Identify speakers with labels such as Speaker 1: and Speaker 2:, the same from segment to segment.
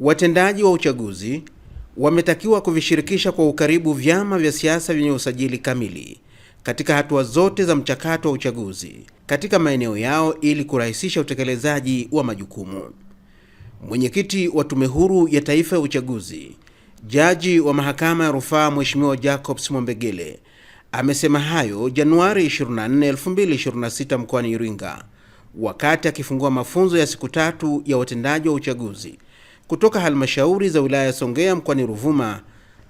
Speaker 1: Watendaji wa uchaguzi wametakiwa kuvishirikisha kwa ukaribu vyama vya siasa vyenye usajili kamili katika hatua zote za mchakato wa uchaguzi katika maeneo yao ili kurahisisha utekelezaji wa majukumu. Mwenyekiti wa Tume Huru ya Taifa ya Uchaguzi, Jaji wa Mahakama ya Rufaa Mheshimiwa Jacobs Mwambegele amesema hayo Januari 24, 2026 mkoani Iringa wakati akifungua mafunzo ya siku tatu ya watendaji wa uchaguzi kutoka halmashauri za wilaya ya Songea mkoani Ruvuma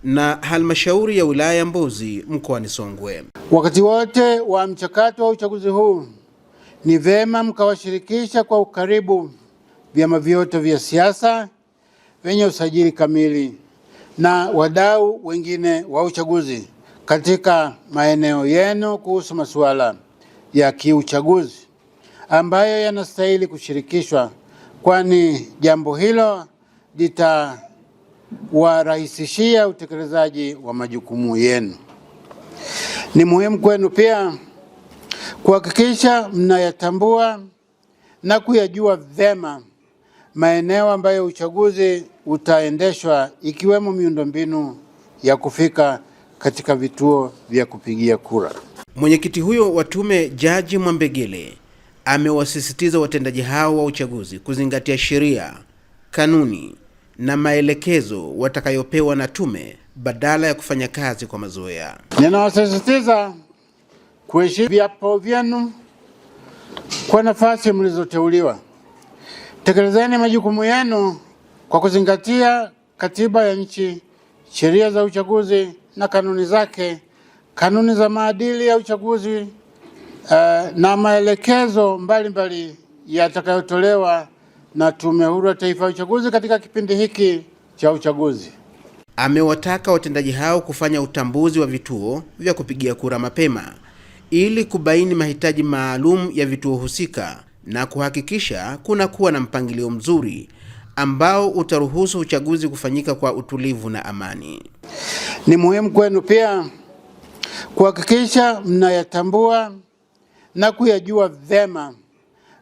Speaker 1: na halmashauri ya wilaya ya Mbozi mkoani Songwe.
Speaker 2: Wakati wote wa mchakato wa uchaguzi huu, ni vyema mkawashirikisha kwa ukaribu vyama vyote vya siasa vyenye usajili kamili na wadau wengine wa uchaguzi katika maeneo yenu kuhusu masuala ya kiuchaguzi ambayo yanastahili kushirikishwa, kwani jambo hilo litawarahisishia utekelezaji wa majukumu yenu. Ni muhimu kwenu pia kuhakikisha mnayatambua na kuyajua vyema maeneo ambayo uchaguzi utaendeshwa ikiwemo miundombinu ya kufika katika vituo vya kupigia kura.
Speaker 1: Mwenyekiti huyo wa tume Jaji Mwambegele amewasisitiza watendaji hao wa uchaguzi kuzingatia sheria kanuni na maelekezo watakayopewa na tume badala ya kufanya kazi kwa mazoea.
Speaker 2: Ninawasisitiza kuheshimu viapo vyenu kwa nafasi mlizoteuliwa. Tekelezeni majukumu yenu kwa kuzingatia katiba ya nchi, sheria za uchaguzi na kanuni zake, kanuni za maadili ya uchaguzi uh, na maelekezo mbalimbali yatakayotolewa na Tume Huru ya Taifa ya Uchaguzi katika kipindi hiki cha uchaguzi.
Speaker 1: Amewataka watendaji hao kufanya utambuzi wa vituo vya kupigia kura mapema ili kubaini mahitaji maalum ya vituo husika na kuhakikisha kunakuwa na mpangilio mzuri ambao utaruhusu uchaguzi kufanyika kwa utulivu na amani.
Speaker 2: Ni muhimu kwenu pia kuhakikisha mnayatambua na kuyajua vyema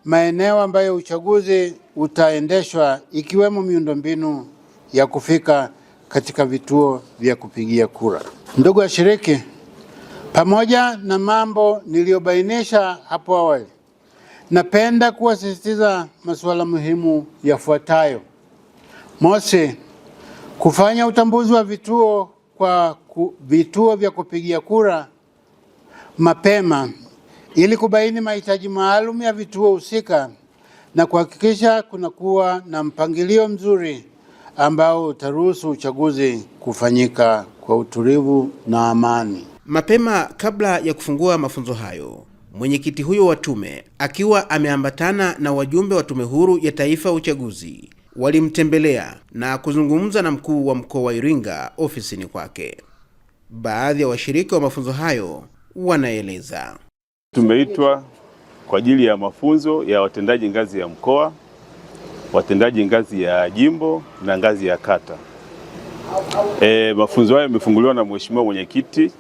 Speaker 2: maeneo ambayo uchaguzi utaendeshwa ikiwemo miundombinu ya kufika katika vituo vya kupigia kura. Ndugu washiriki, pamoja na mambo niliyobainisha hapo awali, napenda kuwasisitiza masuala muhimu yafuatayo. Mosi, kufanya utambuzi wa vituo kwa ku, vituo vya kupigia kura mapema ili kubaini mahitaji maalum ya vituo husika na kuhakikisha kunakuwa na mpangilio mzuri ambao utaruhusu uchaguzi kufanyika kwa utulivu na amani.
Speaker 1: Mapema kabla ya kufungua mafunzo hayo, mwenyekiti huyo wa tume akiwa ameambatana na wajumbe wa Tume Huru ya Taifa ya Uchaguzi walimtembelea na kuzungumza na mkuu wa mkoa wa Iringa ofisini kwake. Baadhi ya washiriki wa mafunzo hayo wanaeleza,
Speaker 3: tumeitwa kwa ajili ya mafunzo ya watendaji ngazi ya mkoa, watendaji ngazi ya jimbo na ngazi ya kata. E, mafunzo hayo yamefunguliwa na mheshimiwa mwenyekiti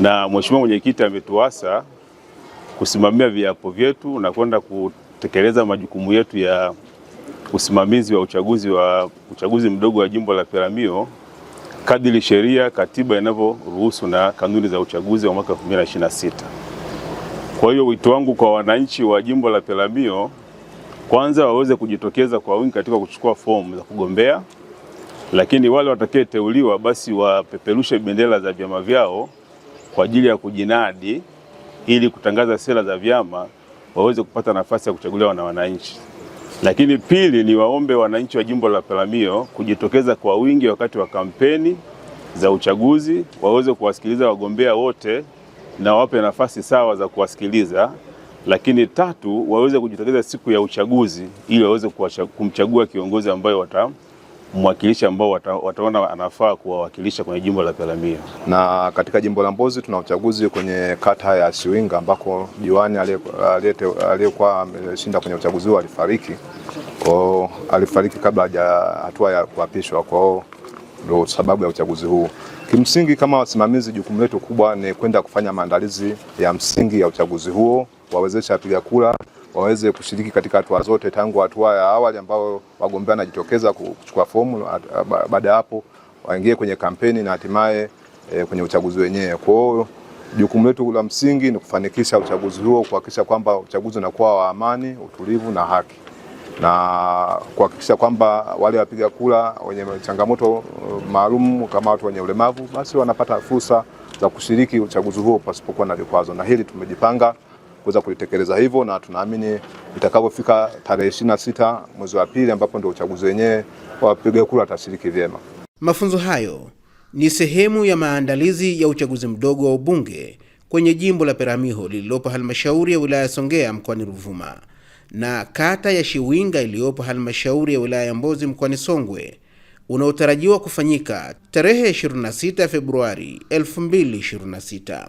Speaker 3: na mheshimiwa mwenyekiti ametuasa kusimamia viapo vyetu na kwenda kutekeleza majukumu yetu ya usimamizi wa uchaguzi wa uchaguzi mdogo wa jimbo la Peramiho kadiri sheria, katiba inavyoruhusu na kanuni za uchaguzi wa mwaka 2026. Kwa hiyo wito wangu kwa wananchi wa jimbo la Peramiho, kwanza waweze kujitokeza kwa wingi katika kuchukua fomu za kugombea, lakini wale watakayeteuliwa basi wapeperushe bendera za vyama vyao kwa ajili ya kujinadi ili kutangaza sera za vyama waweze kupata nafasi ya kuchaguliwa na wananchi. Lakini pili, ni waombe wananchi wa jimbo la Peramiho kujitokeza kwa wingi wakati wa kampeni za uchaguzi, waweze kuwasikiliza wagombea wote na wape nafasi sawa za kuwasikiliza, lakini tatu, waweze kujitokeza siku ya uchaguzi ili waweze kumchagua kiongozi ambayo wata mwakilishi ambao wataona anafaa kuwawakilisha kwenye jimbo la Peramiho. Na katika jimbo la Mbozi tuna uchaguzi kwenye kata ya Siwinga ambako diwani aliyekuwa ameshinda kwenye uchaguzi huo alifariki kwao, alifariki kabla haja hatua ya kuapishwa kwao ndio sababu ya uchaguzi huu. Kimsingi, kama wasimamizi, jukumu letu kubwa ni kwenda kufanya maandalizi ya msingi ya uchaguzi huo, wawezesha wapiga kura waweze kushiriki katika hatua zote, tangu hatua ya awali ambayo wagombea wanajitokeza kuchukua fomu, baada ya hapo waingie kwenye kampeni na hatimaye e, kwenye uchaguzi wenyewe. Kwa hiyo jukumu letu la msingi ni kufanikisha uchaguzi huo, kuhakikisha kwamba uchaguzi unakuwa wa amani, utulivu na haki na kuhakikisha kwamba wale wapiga kura wenye changamoto uh, maalum kama watu wenye ulemavu basi wanapata fursa za kushiriki uchaguzi huo pasipokuwa na vikwazo, na hili tumejipanga kuweza kulitekeleza hivyo, na tunaamini itakapofika tarehe ishirini na sita mwezi wa pili ambapo ndio uchaguzi wenyewe, wapiga kura watashiriki vyema.
Speaker 1: Mafunzo hayo ni sehemu ya maandalizi ya uchaguzi mdogo wa ubunge kwenye jimbo la Peramiho lililopo halmashauri ya wilaya ya Songea mkoani Ruvuma na kata ya Shiwinga iliyopo halmashauri ya wilaya ya Mbozi mkoani Songwe unaotarajiwa kufanyika tarehe 26 Februari 2026.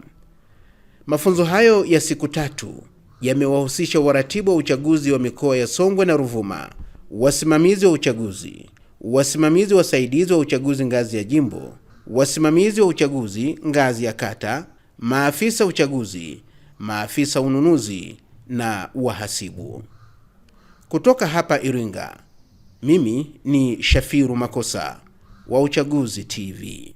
Speaker 1: Mafunzo hayo ya siku tatu yamewahusisha waratibu wa uchaguzi wa mikoa ya Songwe na Ruvuma, wasimamizi wa uchaguzi, wasimamizi wasaidizi wa uchaguzi ngazi ya jimbo, wasimamizi wa uchaguzi ngazi ya kata, maafisa uchaguzi, maafisa ununuzi na wahasibu. Kutoka hapa Iringa, mimi ni Shafiru Makosa wa Uchaguzi TV.